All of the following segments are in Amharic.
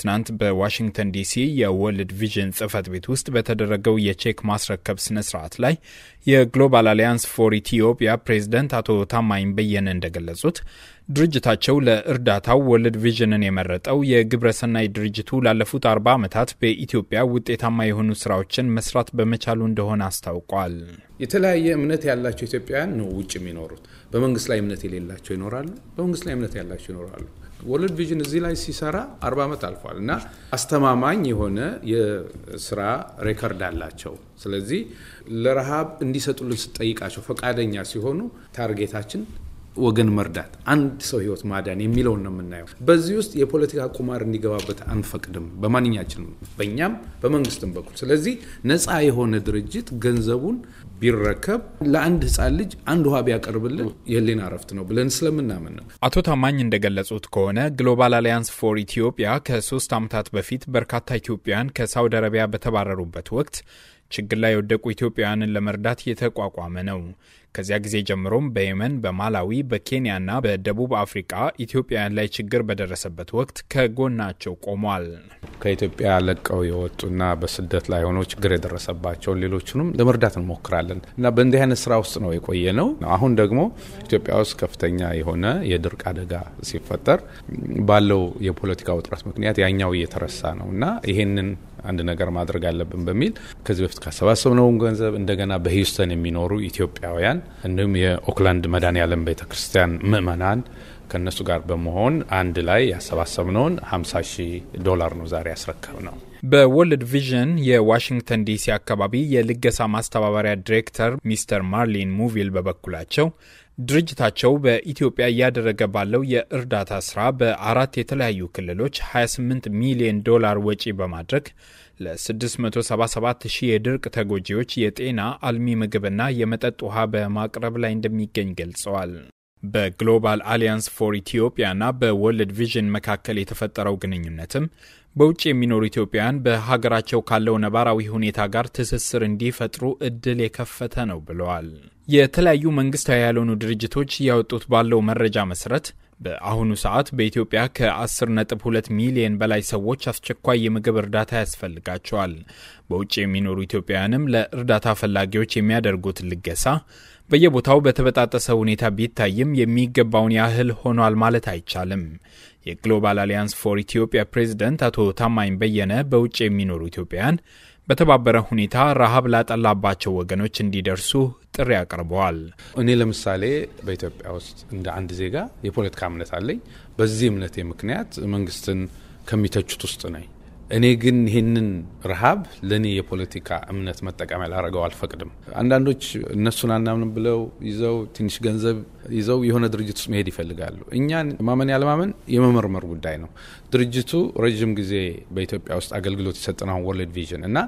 ትናንት በዋሽንግተን ዲሲ የወርልድ ቪዥን ጽህፈት ቤት ውስጥ በተደረገው የቼክ ማስረከብ ስነ ስርዓት ላይ የግሎባል አሊያንስ ፎር ኢትዮጵያ ፕሬዝደንት አቶ ታማኝ በየነ እንደገለጹት ድርጅታቸው ለእርዳታው ወርልድ ቪዥንን የመረጠው የግብረሰናይ ድርጅቱ ላለፉት አርባ ዓመታት በኢትዮጵያ ውጤታማ የሆኑ ስራዎችን መስራት በመቻሉ እንደሆነ አስታውቋል። የተለያየ እምነት ያላቸው ኢትዮጵያውያን ነው ውጭ የሚኖሩት። በመንግስት ላይ እምነት የሌላቸው ይኖራሉ፣ በመንግስት ላይ እምነት ያላቸው ይኖራሉ። ወርልድ ቪዥን እዚህ ላይ ሲሰራ አርባ ዓመት አልፏል እና አስተማማኝ የሆነ የስራ ሬከርድ አላቸው። ስለዚህ ለረሃብ እንዲሰጡልን ስጠይቃቸው ፈቃደኛ ሲሆኑ ታርጌታችን ወገን መርዳት፣ አንድ ሰው ህይወት ማዳን የሚለውን ነው የምናየው። በዚህ ውስጥ የፖለቲካ ቁማር እንዲገባበት አንፈቅድም፣ በማንኛችንም በእኛም በመንግስትም በኩል። ስለዚህ ነፃ የሆነ ድርጅት ገንዘቡን ቢረከብ ለአንድ ህፃን ልጅ አንድ ውሃ ቢያቀርብልን የህሊና እረፍት ነው ብለን ስለምናምን ነው። አቶ ታማኝ እንደገለጹት ከሆነ ግሎባል አሊያንስ ፎር ኢትዮጵያ ከሶስት ዓመታት በፊት በርካታ ኢትዮጵያውያን ከሳውዲ አረቢያ በተባረሩበት ወቅት ችግር ላይ የወደቁ ኢትዮጵያውያንን ለመርዳት የተቋቋመ ነው። ከዚያ ጊዜ ጀምሮም በየመን፣ በማላዊ፣ በኬንያና በደቡብ አፍሪካ ኢትዮጵያውያን ላይ ችግር በደረሰበት ወቅት ከጎናቸው ቆሟል። ከኢትዮጵያ ለቀው የወጡና በስደት ላይ ሆነው ችግር የደረሰባቸውን ሌሎችንም ለመርዳት እንሞክራለን እና በእንዲህ አይነት ስራ ውስጥ ነው የቆየ ነው። አሁን ደግሞ ኢትዮጵያ ውስጥ ከፍተኛ የሆነ የድርቅ አደጋ ሲፈጠር ባለው የፖለቲካ ውጥረት ምክንያት ያኛው እየተረሳ ነው እና ይሄንን አንድ ነገር ማድረግ አለብን በሚል ከዚህ በፊት ካሰባሰብነውን ገንዘብ እንደገና በሂውስተን የሚኖሩ ኢትዮጵያውያን እንዲሁም የኦክላንድ መድኃኔ ዓለም ቤተክርስቲያን ምእመናን ከነሱ ጋር በመሆን አንድ ላይ ያሰባሰብነውን 50 ሺህ ዶላር ነው ዛሬ ያስረከብ ነው። በወርልድ ቪዥን የዋሽንግተን ዲሲ አካባቢ የልገሳ ማስተባበሪያ ዲሬክተር ሚስተር ማርሊን ሙቪል በበኩላቸው ድርጅታቸው በኢትዮጵያ እያደረገ ባለው የእርዳታ ስራ በአራት የተለያዩ ክልሎች 28 ሚሊዮን ዶላር ወጪ በማድረግ ለ677 ሺህ የድርቅ ተጎጂዎች የጤና አልሚ ምግብና የመጠጥ ውሃ በማቅረብ ላይ እንደሚገኝ ገልጸዋል። በግሎባል አሊያንስ ፎር ኢትዮጵያና በወርልድ ቪዥን መካከል የተፈጠረው ግንኙነትም በውጭ የሚኖሩ ኢትዮጵያውያን በሀገራቸው ካለው ነባራዊ ሁኔታ ጋር ትስስር እንዲፈጥሩ እድል የከፈተ ነው ብለዋል። የተለያዩ መንግስታዊ ያልሆኑ ድርጅቶች ያወጡት ባለው መረጃ መሰረት በአሁኑ ሰዓት በኢትዮጵያ ከ10.2 ሚሊዮን በላይ ሰዎች አስቸኳይ የምግብ እርዳታ ያስፈልጋቸዋል። በውጭ የሚኖሩ ኢትዮጵያውያንም ለእርዳታ ፈላጊዎች የሚያደርጉት ልገሳ በየቦታው በተበጣጠሰ ሁኔታ ቢታይም የሚገባውን ያህል ሆኗል ማለት አይቻልም። የግሎባል አሊያንስ ፎር ኢትዮጵያ ፕሬዝደንት አቶ ታማኝ በየነ በውጭ የሚኖሩ ኢትዮጵያውያን በተባበረ ሁኔታ ረሃብ ላጠላባቸው ወገኖች እንዲደርሱ ጥሪ አቅርበዋል። እኔ ለምሳሌ በኢትዮጵያ ውስጥ እንደ አንድ ዜጋ የፖለቲካ እምነት አለኝ። በዚህ እምነቴ ምክንያት መንግስትን ከሚተቹት ውስጥ ነኝ። እኔ ግን ይህንን ረሃብ ለእኔ የፖለቲካ እምነት መጠቀሚያ ላረገው አልፈቅድም። አንዳንዶች እነሱን አናምንም ብለው ይዘው ትንሽ ገንዘብ ይዘው የሆነ ድርጅት ውስጥ መሄድ ይፈልጋሉ። እኛን ማመን ያለማመን የመመርመር ጉዳይ ነው። ድርጅቱ ረዥም ጊዜ በኢትዮጵያ ውስጥ አገልግሎት የሰጠን ወርልድ ቪዥን እና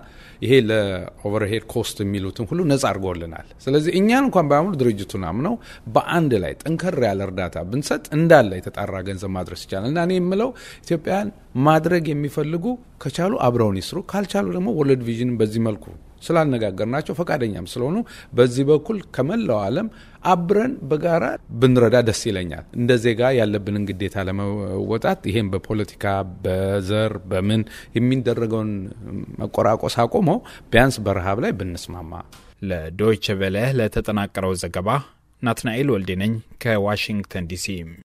ይሄ ለኦቨርሄድ ኮስት የሚሉትን ሁሉ ነጻ አድርጎልናል። ስለዚህ እኛን እንኳን ባያምኑ ድርጅቱን አምነው በአንድ ላይ ጠንከር ያለ እርዳታ ብንሰጥ እንዳለ የተጣራ ገንዘብ ማድረስ ይቻላል እና እኔ የምለው ኢትዮጵያን ማድረግ የሚፈልጉ ከቻሉ አብረውን ይስሩ፣ ካልቻሉ ደግሞ ወርልድ ቪዥንን በዚህ መልኩ ናቸው ፈቃደኛም ስለሆኑ በዚህ በኩል ከመላው ዓለም አብረን በጋራ ብንረዳ ደስ ይለኛል። እንደ ዜጋ ያለብንን ግዴታ ለመወጣት ይሄም በፖለቲካ በዘር በምን የሚደረገውን መቆራቆስ አቆሞ ቢያንስ በረሃብ ላይ ብንስማማ። ለዶይቸ ቬለ ለተጠናቀረው ዘገባ ናትናኤል ወልዴ ነኝ ከዋሽንግተን ዲሲ።